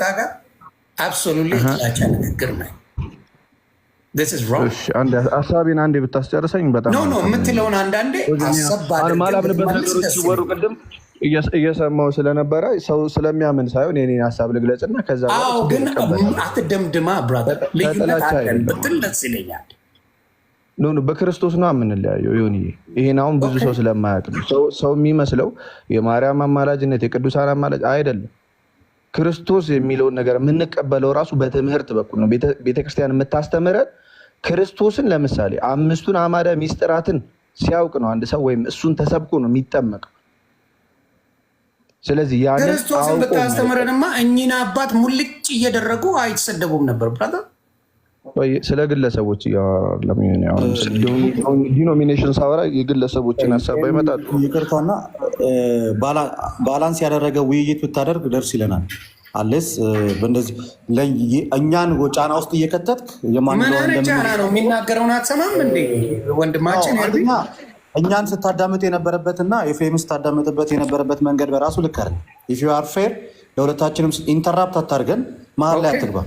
ጋር አብሶሉት ጥላቻ ንግግር ነው። አንዴ ብታስጨርሰኝ በጣም ኖ ኖ የምትለውን አንዳንዴ ማላምንበት ነገሮች ሲወሩ ቅድም እየሰማው ስለነበረ ሰው ስለሚያምን ሳይሆን የኔን ሀሳብ ልግለጽና ከዛ ግን አትደምድማ ብራዘር ልዩነት አለን ብትል ደስ ይለኛል። ኖ በክርስቶስ ነው የምንለያየው። ይሁን ይሄን አሁን ብዙ ሰው ስለማያውቅ ሰው የሚመስለው የማርያም አማላጅነት የቅዱሳን አማላጅ አይደለም። ክርስቶስ የሚለውን ነገር የምንቀበለው ራሱ በትምህርት በኩል ነው። ቤተክርስቲያን የምታስተምረን ክርስቶስን ለምሳሌ አምስቱን አማደ ሚስጥራትን ሲያውቅ ነው አንድ ሰው ወይም እሱን ተሰብኮ ነው የሚጠመቀው። ስለዚህ ያንን ክርስቶስን ብታስተምረንማ እኚህን አባት ሙልጭ እየደረጉ አይተሰደቡም ነበር። ብራታ ስለ ግለሰቦች ዲኖሚኔሽን ሳወራ የግለሰቦችን ሀሳብ ይመጣሉ። ይቅርታና ባላንስ ያደረገ ውይይት ብታደርግ ደርስ ይለናል። አለስ በእንደዚህ እኛን ጫና ውስጥ እየከተትክ ጫና ነው የሚናገረውን አትሰማም እንዴ ወንድማችን? እኛን ስታዳምጥ የነበረበትና ኤፍኤም ስታዳምጥበት የነበረበት መንገድ በራሱ ልክ አይደል። ኢፍ ዩ አር ፌር ለሁለታችንም ኢንተራፕት አታርገን፣ መሀል ላይ አትግባ።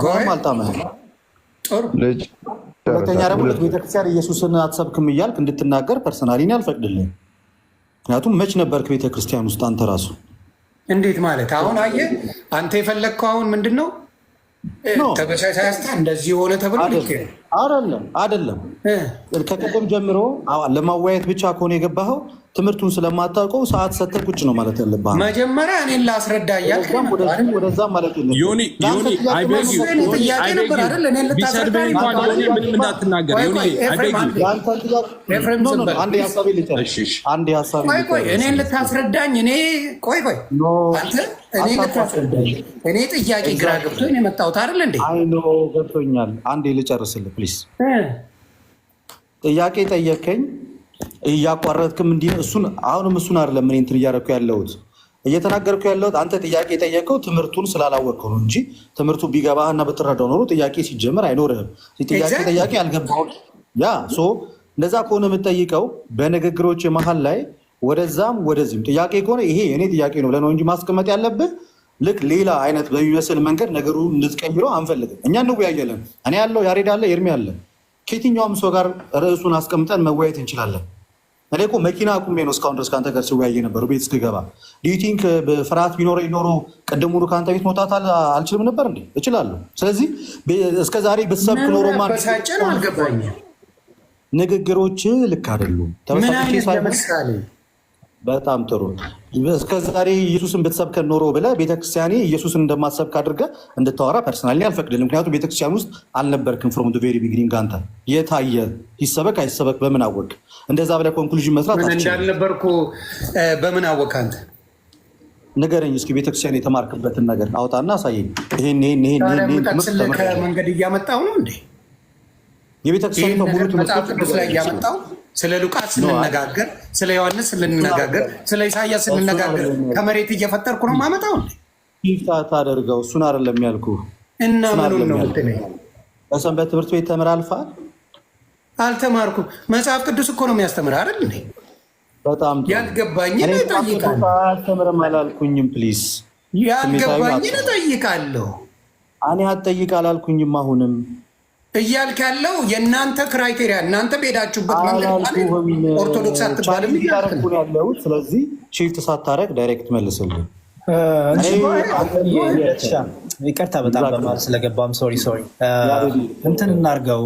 አሁንም አልጣመህ። ሁለተኛ ደግሞ ቤተክርስቲያን ኢየሱስን አትሰብክም እያልክ እንድትናገር ፐርሰናሊን አልፈቅድልኝ ምክንያቱም መች ነበርክ ቤተክርስቲያን ውስጥ አንተ ራሱ? እንዴት ማለት አሁን አየህ፣ አንተ የፈለግከው አሁን ምንድን ነው እንደዚህ የሆነ ተብሎ አይደለም አይደለም። ከቀደም ጀምሮ ለማወያየት ብቻ ከሆነ የገባኸው ትምህርቱን ስለማታውቀው ሰዓት ሰተህ ቁጭ ነው ማለት ያለብህ። መጀመሪያ እኔን ላስረዳ እያልክ ወደዛ ማለት እኔን ልታስረዳኝ እኔ ቆይ ቆይ እኔ ልታስረዳኝ እኔ ጥያቄ ግራ ገብቶኝ የመጣሁት አይደል እንዴ? አይኖ ገብቶኛል። አንዴ ልጨርስልህ ፕሊስ። ጥያቄ ጠየከኝ እያቋረጥክም እንዲህ እሱን አሁንም እሱን አይደለም እኔ እንትን እያደረኩ ያለሁት እየተናገርኩ ያለሁት አንተ ጥያቄ የጠየቀው ትምህርቱን ስላላወቅከው ነው እንጂ ትምህርቱ ቢገባህና ብትረዳው ኖሮ ጥያቄ ሲጀምር አይኖርህም። ጥያቄ ጥያቄ አልገባሁም። ያ ሶ እንደዛ ከሆነ የምጠይቀው በንግግሮች መሀል ላይ ወደዛም ወደዚህም ጥያቄ ከሆነ ይሄ የእኔ ጥያቄ ነው ብለህ ነው እንጂ ማስቀመጥ ያለብህ ልክ ሌላ አይነት በሚመስል መንገድ ነገሩ እንድትቀይሮ አንፈልግም። እኛ እንወያያለን። እኔ ያለው ያሬድ አለ፣ ኤርሚ አለ። ከየትኛውም ሰው ጋር ርዕሱን አስቀምጠን መወያየት እንችላለን። እኔ እኮ መኪና አቁሜ ነው እስካሁን ድረስ ከአንተ ጋር ስወያየ ነበሩ ቤት እስክገባ። ዲዩቲንክ uh, በፍርሃት ቢኖረ ይኖሮ ቅድም ሙሉ ከአንተ ቤት መውጣት አልችልም ነበር እንዴ? እችላለሁ። ስለዚህ እስከዛሬ በተሰብክ ኖሮ ንግግሮች ልክ አይደሉም። በጣም ጥሩ። እስከ ዛሬ ኢየሱስን ብትሰብከን ኖሮ ብለህ ቤተክርስቲያኔ ኢየሱስን እንደማትሰብክ አድርገህ እንድታወራ ፐርሰናሊ አልፈቅድልም። ምክንያቱም ቤተክርስቲያን ውስጥ አልነበርክም። ፍሮም ቬሪ ቢግኒንግ አንተ የታየ ይሰበክ አይሰበክ በምን አወቅ? እንደዛ ብለህ ኮንክሉዥን መስራት እንዳልነበርኩ በምን አወቅ? አንተ ንገረኝ እስኪ ቤተክርስቲያን የተማርክበትን ነገር አውጣና አሳየኝ። ይሄን ይሄን ይሄን ከመንገድ እያመጣሁ ነው እንዴ? የቤተክርስቲያን ሙሉ ትምህርት ላይ እያመጣሁ ስለ ሉቃስ ስንነጋገር፣ ስለ ዮሐንስ ስንነጋገር፣ ስለ ኢሳያስ ስንነጋገር ከመሬት እየፈጠርኩ ነው ማመጣው ታደርገው እሱን አይደለም ያልኩ እና ምኑን ነው በሰንበት ትምህርት ቤት ተምር አልፋል አልተማርኩም። መጽሐፍ ቅዱስ እኮ ነው የሚያስተምር አይደል? እንዴ በጣም ያልገባኝ እጠይቃለሁ። አያስተምርም አላልኩኝም። ፕሊዝ ያልገባኝን እጠይቃለሁ። እኔ አትጠይቅ አላልኩኝም። አሁንም እያልክ ያለው የእናንተ ክራይቴሪያ እናንተ በሄዳችሁበት መንገድ ኦርቶዶክስ አትባልም እያልክ ነው። ስለዚህ ሽፍት ሳታረግ ዳይሬክት መልስልኝ። ይቅርታ በጣም በማል ስለገባም ሶሪ ሶሪ እንትን እናርገው